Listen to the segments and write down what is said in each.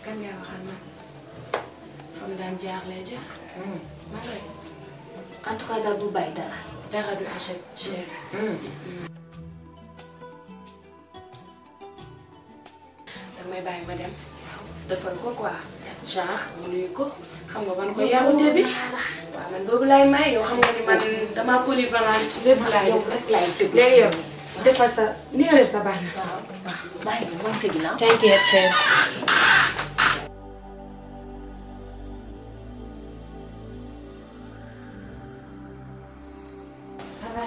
kan ngay waxal man comme daan jaar hmm. lay jaar. man rek. en tout cas daal bu bàyyi dara. dara du achète cher. Hmm. Hmm. damay bàyyi ma dem. defal ko quoi. genre mu nuyu ko. xam nga man ko yaawute bi. waaw man boobu laay may yow xam nga ni man damaa polyvalente. lépp laay def rek laay déglu léegi yow. defal sa ni nga def sa baax na. waaw waaw bàyyi man sa ginnaaw. thank you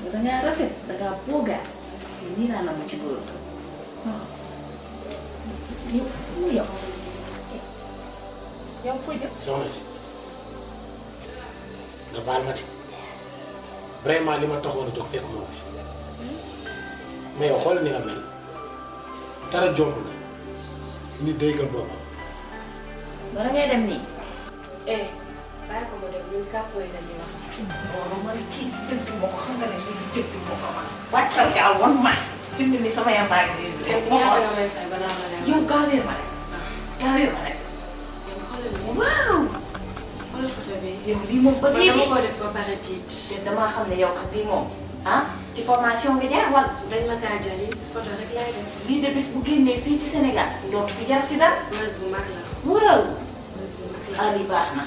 katanya Rafit tega puga ini nana mau cibul yuk yuk yuk puja so mas nggak paham hmm? kan, deh Brema lima toh mau tuh fake mau sih mau hol nih kan mel tara jom ini dekat kalau barangnya ada nih eh bàyyi ko ma dem ñun kàpp yi la ñuy wax. loolu mooy kii jënd moo ko xam nga ne lii jënd moo ko wax. wàccal gaaw wan ma. fi mu ne nii sama yàmbaa ngi nii. te bu ma xool yow gaawee ma rek. gaawee ma rek. waaw. xoolal photo bi. yow lii moom ba léegi dama ko def ba pare tiit. te damaa xam ne yow kat lii moom ah. ci formation nga jaar wala. dañ ma kaa jëli photo rek laay def. lii de bés bu génnee fii ci Sénégal. dootu fi jar si dara. bés bu mag la. waaw. bés bu mag la. baax na.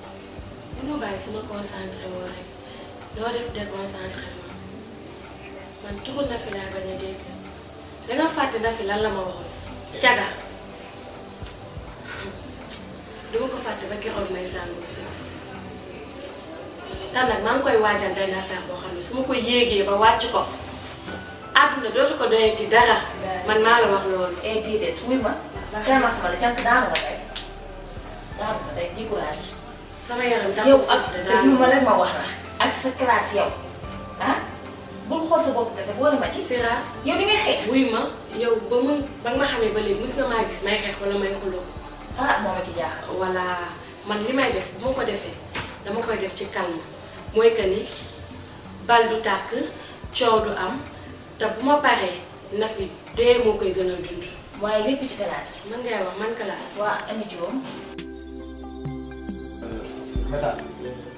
mënoo bàyyi sama concentré woo rek loo def déconcentré ma man turu na fi laa bañ a dégg na lan la ma waxoon caga duma ko fàtte ba keroog may sàngoo suuf tam nag maa ngi koy waajal benn affaire boo xam ne su ma ko yéegee ba wàcc ko àdduna dootu ko doyati dara man maa la wax loolu ee eh, ma ma la jànk daanu nga tey daanu nga tey sama yaram yow ak lu ma ma wax la ak sa classe yow ah bul xool sa bopp kese boole ma ci. Sera yow di ngay xeex. wuy ma ba mu ba nga ma xamee ba léegi mës nga maa gis may xeex wala may xuloo. ah moo ma ci jaaxal. voilà man li may def bu ma ko defee dama koy def ci calme mooy que ni bal du tàkk coow du am te bu ma paree na fi dee moo koy gën a waaye lépp ci classe. man ngay wax man classe. waa andi 皆さん